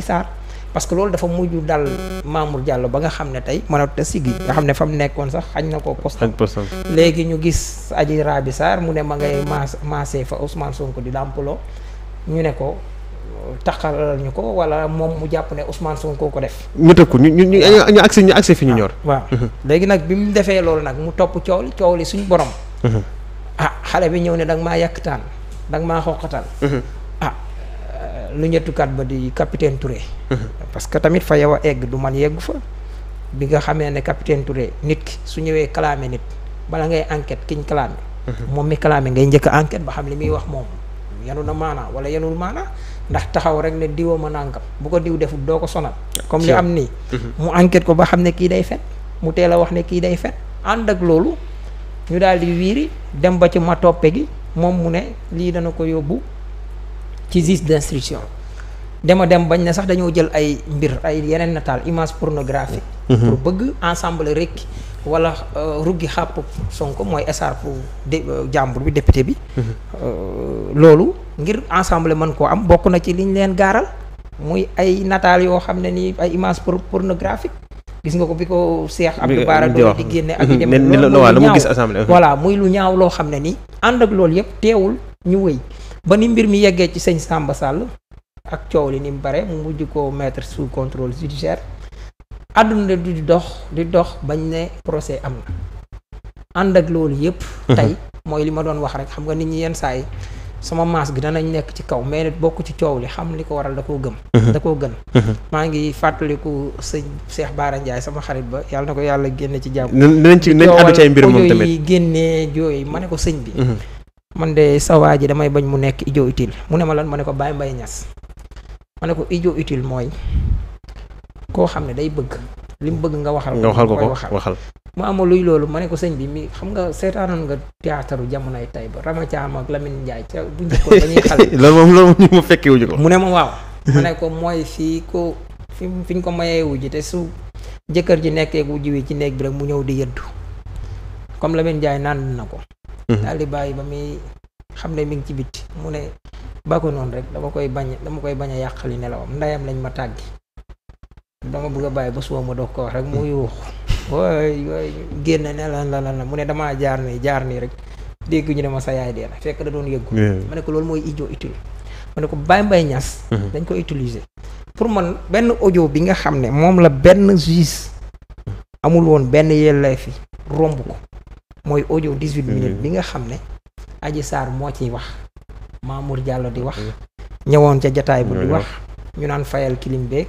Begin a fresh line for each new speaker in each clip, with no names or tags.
Adji Sarr parce que loolu dafa mujj dal Mamour Diallo ba nga xam ne tey mënatut a siggi nga xam ne fa mu nekkoon sax xañ na ko poste léegi ñu gis Adji Rabi saar mu ne ma ngay maas maasee fa Ousmane ko di dàmpuloo ñu ne ko taxalal ñu ko wala moom mu jàpp ne Ousmane koo ko def.
ñu tëkku ñu ñu ñu agsi ñu agsi fi ñu ñor.
waaw léegi nag bi mu defee loolu nag mu topp coow li coow li suñ borom. ah xale bi ñëw ne da maa yàkkataan da nga maa xoqatal. lu ñettukat ba di capitaine Touré. parce que tamit fa yow egg du man yeggu fa bi nga xamee ne capitaine toure nit ki su ñëwee clamé nit bala ngay enquête kiñ clamé moom mi clamé ngay njëkk enquête ba xam li muy wax moom yanu na maanaa wala yanul maanaa ndax taxaw rek ne diwa ma nàngam bu ko diw deful doo ko sonal comme li am nii mhm. mu enquête ko ba xam ne kii day fet mu teel a wax ne kii day fen ànd ak loolu ñu daal di wiiri dem ba ci ma toppe gi moom mu ne lii dana ko yóbbu ci juge d'instruction dema dem bañ ne sax dañoo jël ay mbir ay yeneen nataal image pornographique mhm. pour bëgg ensemble rekk walla euh, ruggi xàpp sonk mooy SR pour dé euh, jàmbur bi député bi mhm. euh, loolu ngir ensemble mën koo am bokk na ci liñ leen gaaral muy ay nataal yoo xam ne ni ay image pornographique gis nga ko bi ko Cheikh Abdou Bara doon di génne ak mhm. dem lu ñaaw voilà muy lu ñaaw loo xam ne nii ànd ak loolu yëpp teewul ñu wéy ba ni mbir mi yeggee ci sëñ sàmba Sall ak coow li ni mu bare mu mujj koo mettre sous contrôle judiciaire àdduna di dox di dox bañ ne procès am na ànd ak loolu yépp mhm. tey mooy li ma doon wax rek xam nga nit ñi yenn saay sama maas gi danañ nekk ci kaw mais bokk ci coow li xam li ko waral da koo gëm mhm. da koo gën mhm. maa ngi fàttaliku sëñ Cheikh Baara Ndiaye sama xarit ba yàlla na ko yàlla génne ci jàmm nañ ci nañ àddu ci mbir moom tamit yi génnee jooy ma ne ko sëñ bi man de sa waa ji damay bañ mu nekk idiot utile mu ne ma lan ma ne ko Baye Mbaye Niass ma ne ko idiot utile mooy koo xam ne day bëgg li mu bëgg nga waxal. nga waxal ko ko waxal. mu am luy loolu ma ne ko señ bi mi xam nga seetaanoon nga théâtre jamonoy tey ba Rama am ak Lamine Ndiaye ca bu njëkkoon mu ne ma waaw. ma ne ko mooy fii ko fi fi ko mayee wujji su jëkkër ji nekkee wujji wi ci néeg bi rek mu ñëw di yëddu comme Lamine Ndiaye naan na ko. Mhm. daal di bàyyi ba muy xam ne mi ngi ci bitti mu ne ba noonu rek dama koy bañ dama koy bañ a yàqali nelawam ndayam lañ ma tàggi dama bëgg a bàyyi ba suba ma doog ko wax rek mu mhm. yuux waay waay génn ne lan la lan la mu ne damaa jaar nii jaar nii rek dégg ñu ne ma sa yaay dee na fekk da doon yëggu ma ne ko loolu mooy ijo utile ma ne ko Baye Mbaye Niass mhm. dañ ko utiliser pour man benn audio bi nga xam ne moom la benn juge amul benn yelleef fi romb ko mooy audio 18 mhm. bi nga xam ne aji Sarr moo ciy wax Mamour Diallo di wax ñëwoon ca jataay bu di wax ñu naan fayal kilim beeg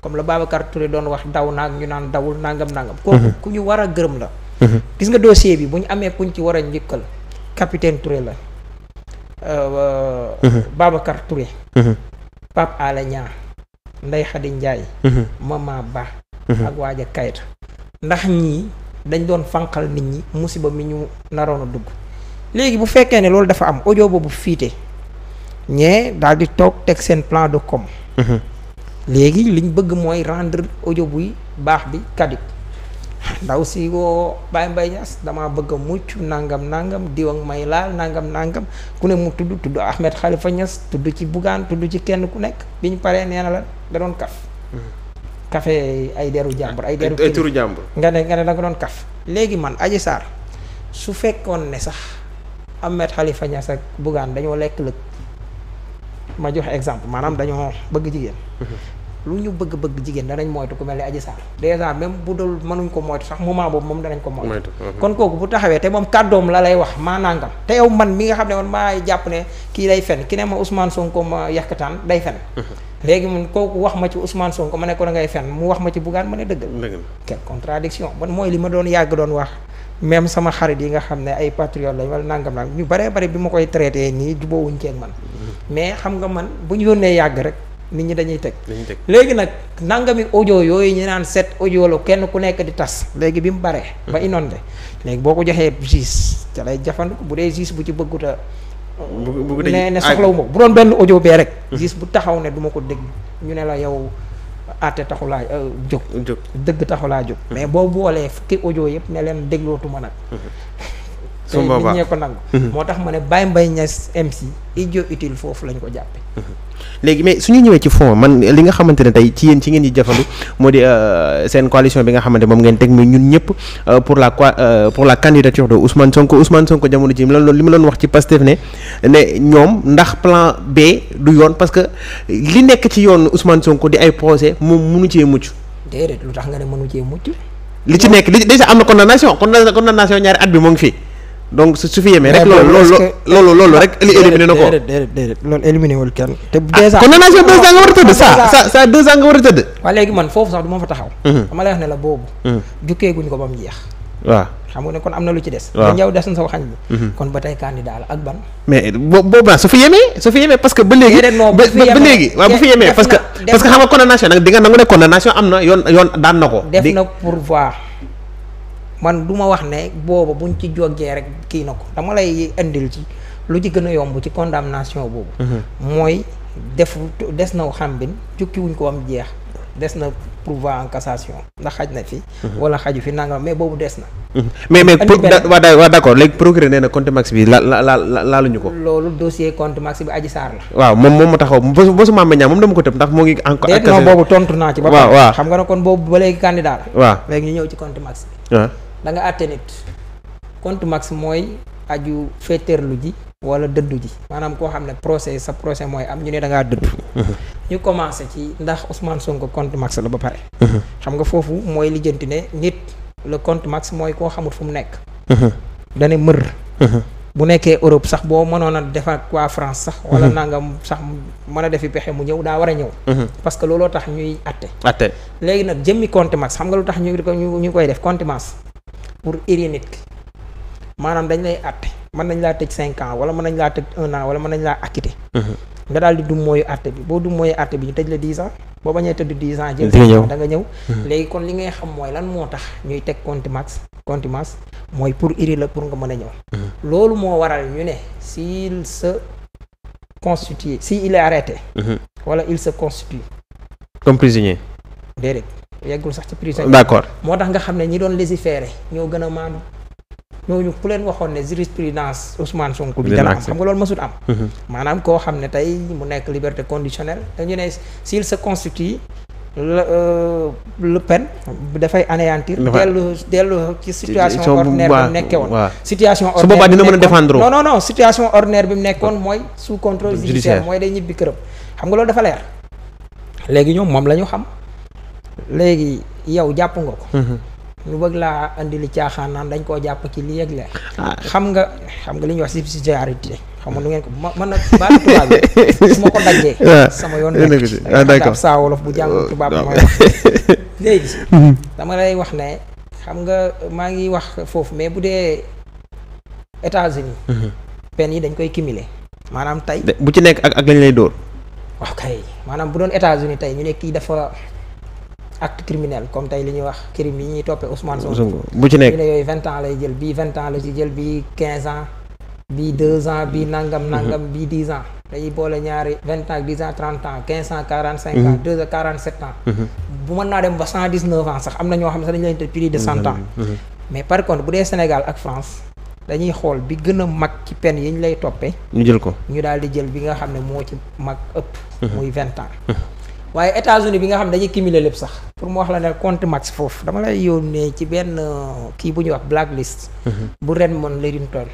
comme la Babacar ture doon wax daw naa naag ñu naan dawul nangam nangam. Mhm. kooku ku ñu war a gërëm la. Mhm. gis nga dossier bi bu ñu amee kuñ ci war a njëkkal capitaine Touré la. Euh, euh, mhm. Babacar Touré. Pape Alé Niang Ndeye Khady Ndiaye. Mama Ba. ak waaja Kayta ndax ñi dañ doon fanqal nit ñi musiba mi ñu naroon a dugg léegi bu fekkee ne loolu dafa am audio boobu fiite ñee daal di toog teg seen plan de com. léegi liñ bëgg mooy rendre ojo buy baax bi caduc ndaw si woo Baye Mbaye Niass damaa bëgg a mucc nangam nangam diw may laal nangam nangam ku ne mu tudd tudd Ahmed xalifa Niass tudd ci Bougane tudd ci kenn ku nekk bi ñu paree nee na la da doon kaf. kafe ay deru jàmbur ay deru jàmbur nga ne nga ne da doon kaf. léegi man Adji saar su fekkoon ne sax Ahmed Khalifa Niass ak Bougane dañoo lekk lëkk. ma joxe exemple maanaam dañoo bëgg jigéen lu ñu bëgg-bëgg jigéen danañ moytu ku mel ni Adji Sarr dèjà même bu dul mënuñ ko moytu sax moment boobu moom danañ ko moytu mhm. kon kooku bu taxawee te moom kàddoom la lay wax maa nangam te yow man mi nga xam ne man maa jàpp ne kii day fen ki ne ma Ousmane Sonko ma yakkataan day fen mhm. léegi mun kooku wax ma ci Ousmane Sonko ma ne ko ngay fen mu wax ma ci bugaan ma ne dëgg quelle contradiction man mooy li ma doon yàgg doon wax même sama xarit yi nga xam ne ay patriote lañ wala nangam nag ñu baree bare bi ma koy traité nii jubóowuñ ceeg man mm-hmm. mais xam nga man bu ñu yónnee yàgg rek nit ñi dañuy teg léegi nag nangami audio yooyu ñu naan set audio la kenn ku nekk di tas léegi bi mu baree ba mm-hmm. de léegi boo ko joxee gis te lay jafandiku bu dee gis bu ci bëgguta
ne ne soxlawu ma bu doon benn
ojo bee rek mm-hmm. gis bu taxaw ne duma ko dégg ñu ne la yow àtte taxulaa euh, jóg jóg dëgg taxulaa jóg mm-hmm. mais boo boolee fukki audio yëpp ne leen déglootuma nag
mm-hmm. su boobaa ñee ko nangu. Mhm. moo
tax ma ne Baye Mbaye Niass MC idiot utile foofu lañ ko jàppe mhm.
léegi mais ñu ñëwee ci fond man li nga xamante ne tey ci yéen ci ngeen di jëfandu moo di euh, seen coalition bi nga xamante moom ngeen teg muy ñun ñëpp euh, pour la euh, pour la candidature de Ousmane Sonko Ousmane Sonko jamono ji lan li ma doon wax ci Pastef ne ne ñoom ndax plan B du yoon parce que li nekk ci yoon Ousmane Sonko di ay procès moom munu cee mucc.
déedéet lu tax nga ne mënu cee mucc.
li ci nekk li déjà am at bi moo ngi fii donc su fi yemee rek. loolu loolu loolu rek. éliminé na ko
déedéet wul kenn. te ah, deux ans kon nomination a tëdd ça a tëdd. waaw léegi man foofu mhm. mhm. nga ne kon na lu ci des. waaw yow des mhm. que
ba léegi. ba léegi waaw bu
fi man du ma wax ne booba buñ ci jógee rek kii na ko dama lay indil ci lu ci gën a yomb ci condamnation boobu. Mhm. mooy def des na xambin jukkiwuñ ko am jeex des na pourvoi en cassation ndax xaj na fi. Mhm. wala xaju fi nangam mais boobu des na.
Mhm. mais mais pour waa d' accord na compte max bi la la la laaluñu ko.
loolu dossier compte max bi aji saar la.
waaw moom moom mu taxaw bés bésu maam Ndiaye moom dama ko tëb ndax moo ngi. encore boobu
tontu naa ci. ba pare xam nga ne kon boobu ba léegi candidat la. waaw léegi ñu ñëw ci compte max da nga àtte nit compte max mooy aju féeteerlu ji wala dëddu ji maanaam koo xam ne procès sa procès mooy am ñu ne da ngaa dëddu ñu commencé ci ndax Ousmane Sonko compte max la ba pare xam nga foofu mooy lijjanti ne nit le compte max mooy koo xamut fu mu nekk dane mër bu nekkee Europe sax boo mënoon a def ak waa France sax wala nangam sax mën a defi pexe mu ñëw daa war a ñëw parce que looloo tax ñuy atte atte léegi nag jëmmi compte max xam nga lu tax ñu ñu koy def compte pour iri nit maanaam dañ lay àtte mën nañ laa tëj cinq ans wala mën nañ laa tëj un an wala mën nañ laa acquitté mhm. nga daal di dum mooyu àtte bi boo dum mooyu àtte bi ñu tëj la dix ans boo bañee tëdd dix ans jël da nga ñëw mhm. léegi kon li ngay xam mooy lan moo tax ñuy teg contumace contumace mooy pour iri la pour nga mën a ñëw mhm. loolu moo waral ñu ne s'il sa constitue si il est arrêté wala il sa constitue comme prisonnier yeggul sax ci prison d'accord moo tax nga xam ne ñi doon légiférer ñoo gën a maanu ñu ku leen waxoon ne jurisprudence Ousmane Sonko bi dana am xam nga loolu mësul am mhm. maanaam koo xam ne tey mu nekk liberté conditionnelle dañu ne s'il se constitue le euh, le pen dafay anéantir dellu dellu ci situation ordinaire bi mu nekkee woon situation ordinaire su boobaa dina mën a défendre non non non situation ordinaire bi mu nekkoon mooy sous contrôle judiciaire mooy day ñibbi këram xam nga loolu dafa leer léegi ñoom moom la xam léegi yow jàpp nga ko. Mhm. ñu bëgg laa andi li caaxaan dañ koo jàpp ci li yëg leen. xam nga xam nga li ñuy wax subsidiarité xam nga nu ngeen ko man nag baatu tubaab su ma ko daggee. Ah. sama yoon nekk ci ah, d'accord saa wolof bu jàng oh, tubaab bi mooy wax. léegi. Mhm. dama lay wax ne xam nga maa ngi wax foofu mais bu dee États-Unis mhm. peine yi dañ koy cumuler maanaam tey.
bu ci nekk ak ak lañ lay dóor.
waaw kay maanaam bu doon États-Unis tey ñu ne kii dafa. acte criminel comme tey li ñuy wax crime yi ñuy toppee Ousmane Sonko bu ci nekk ne yooyu vingt ans lay jël bii vingt ans la ci jël bii quinze ans bii deux ans bi nangam mhm. nangam bii dix ans dañuy boole ñaari vingt ans dix ans trente ans quinze ans quarante cinq mhm. ans deux ans quarante sept mhm. bu mën naa dem ba cent dix neuf ans sax am na ñoo xam ne sax dañu leen tëj plus de cent ans mais par contre bu dee Sénégal ak France dañuy xool bi gën a mag ci pen yi ñu lay toppee ñu jël ko ñu daal di jël bi nga xam ne moo ci mag ëpp muy vingt ans waaye États-Unis bi nga xam dañuy cumuler lépp sax pour mu wax la ne compte max foofu dama lay yónnee ci benn euh, kii bu ñuy wax blacklist mhm. bu Redmond la toll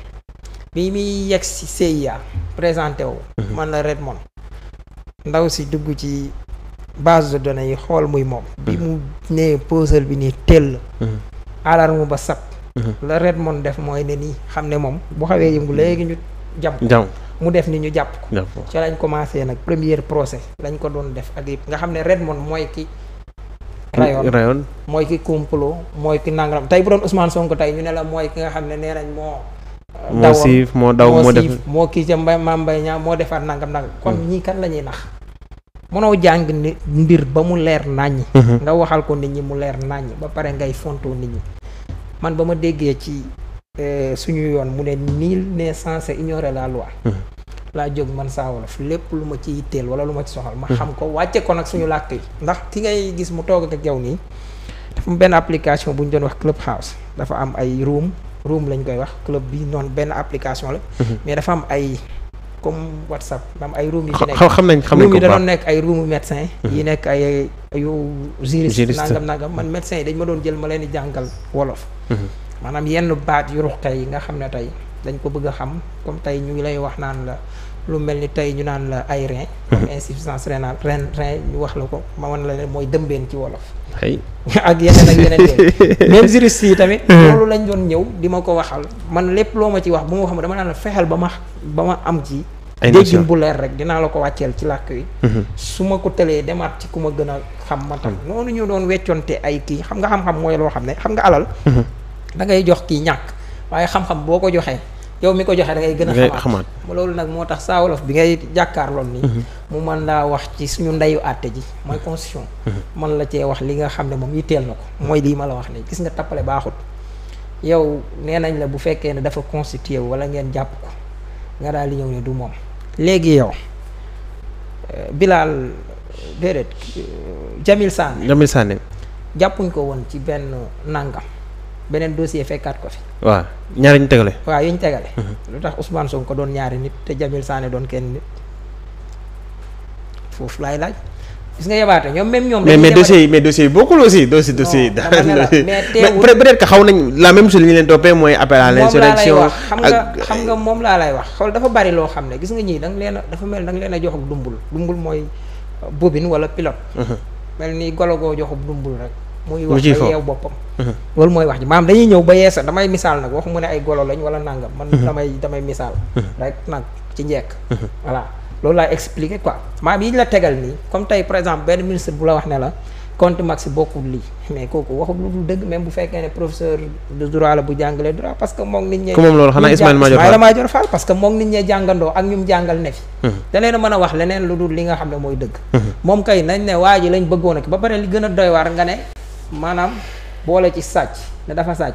bi muy yegg si CIA présenté wu mhm. man la Redmond ndaw si dugg ci base de données yi xool muy moom bi mhm. mu nee puzzle bi nii tell alarme ba sab la Redmond def mooy ne nii xam ne moom bu xawee yëngu léegi ñu jam jam mu def ni ñu jàpp ko ci lañ commencé nag première procès lañ ko doon def ak yëpp nga xam ne Redmond mooy ki rayoon rayoon mooy ki complot mooy ki nangam tey bu doon Ousmane sonk tey ñu ne la mooy ki nga xam ne nee nañ moo euh, moo siif moo daw moo def moo kii ca mbay maam mbay ñaa moo defaat nangam nag kon hmm. ñii kan la ñuy nax mënoo jàng ni mbir ba mu leer nàññi hmm. nga waxal ko nit ñi mu leer nàññ ba pare ngay fontoo nit ñi man ba ma déggee ci Eh, suñu yoon mu ne nul ne censé ignorer la loi. laa jóg man Saa Wolof lépp lu ma ci yitteel wala lu ma ci soxal. ma xam ko wàcce ko nag suñu làkk yi. ndax ki ngay gis mu toog ak yow nii dafa am benn application bu ñu doon wax Clubhouse dafa am ay room room lañ koy wax club bi noonu benn application la. mais dafa am ay comme WhatsApp dafa am ay room yu ci nekk xam nañ xam nañ ko yi da nekk ay room médecin yi nekk ay yu juriste nangam nangam man médecin yi dañ ma doon jël ma leen di jàngal wolof. maanaam yenn baat yu ruxte yi nga xam ne tey dañ ko bëgg a xam comme tey ñu ngi lay wax naan la lu mel ni tey ñu naan la ay rein mhm. comme insuffisance rénale rein rein ñu wax la ko ma wan la ne mooy dëmbeen ci wolof
ak yeneen ak yi tamit mhm. loolu lañ
doon ñëw di ma ko waxal man lépp loo ma ci wax bu ma xam dama naan la fexeel ba ma ba ma am ci déggin bu leer rek dinaa la ko wàcceel ci làkk wi
mhm. su
ma ko telee demaat ci ku ma gën a xam ma tam noonu ñu doon weccoonte ay kii xam nga xam-xam mooy loo xam ne xam nga alal da ngay jox kii ñàkk waaye xam-xam boo ko joxee yow mi ko joxee da ngay gën a xamaat loolu nag moo tax saa wolof bi ngay jàkkaarloon nii mhm. mu mën laa wax ci suñu ndeyu àtte ji mooy constitution man mhm. la cee wax li nga xam ne moom yitteel na ko mooy lii ma la wax nii gis nga tappale baaxut yow nee nañ la bu fekkee ne dafa constitué wu wala ngeen jàpp ko nga daal di ñëw ne du moom léegi yow euh, Bilal déedéet euh, Jamil Sané Jamil Sané jàppuñ ko woon ci benn nàngam beneen dossier fekkaat ko fi.
waaw ñaari ñu tegale.
waa yi ñu tegale. Mhm. lu tax Ousmane ko doon ñaari nit te Jamil Sané doon kenn nit foofu laay laaj. gis nga yabaate ñoom même ñoom. mais mais dossiers
yi mais dossiers yi bokkul aussi. dossier dossier mais teewul peut-être que xaw nañ
moom laa lay wax xool dafa bari loo xam ne gis nga ñii danga nga leen a dafa mel da nga leen a jox ak dumbul dumbul mooy uh, bobine wala pilote. Mhm. mel nii golo goo jox ak dumbul rek. muy wax ba yeew boppam uh-huh. loolu mooy wax ji maam dañuy ñëw ba yeesa damay misaal nag wax mu ne ay golo lañ wala nangam man uh-huh. damay damay misaal uh-huh. rek nag ci njekk voilà loolu laay expliquer quoi maam yi la tegal nii comme tey par exemple benn ministre bu la wax ne la compte max bokkul lii mais kooku waxul lu dul dëgg même bu fekkee ne professeur de droit la bu jàngalee droit parce que moom nit ñee moom loolu xanaa parce que moom nit ñee jàngandoo ak ñum jàngal ne fi da leen a mën a lu dul li nga xam ne mooy dëgg moom kay nañ ne waa ji lañ bëggoon ba pare li gën a doy waar nga ne maanaam boole ci sàcc ne dafa sàcc.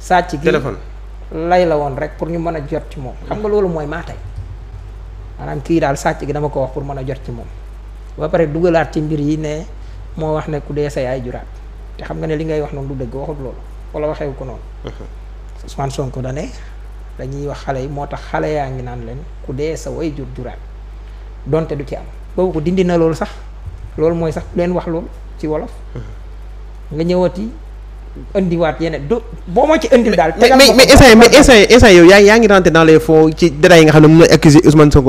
sàcc gi téléphone lay la woon rek pour ñu mën a jot ci moom. xam nga loolu mooy maa tey maanaam kii daal sàcc gi dama ko wax pour mën a jot ci moom. ba pare dugalaat ci mbir yi ne moo wax ne ku dee sa yaay juraat te xam nga ne li ngay wax noonu du dëgg waxut wala waxewu ko noonu.
Uh-huh.
Ousmane Sonko da dañuy wax xale yi moo tax xale yaa ngi naan leen ku dee sa way jur juraat donte du ci am boobu ko dindi na loolu sax loolu mooy sax leen wax loolu ci wolof. Uh-huh. nga ñëwati indiwaat yeneen du boo ma ci indil
mais mais essayé mais essayé yaa ngi yaa ngi rentré dans les ci détails yi nga xam ne mun na accuser Ousmane Sonko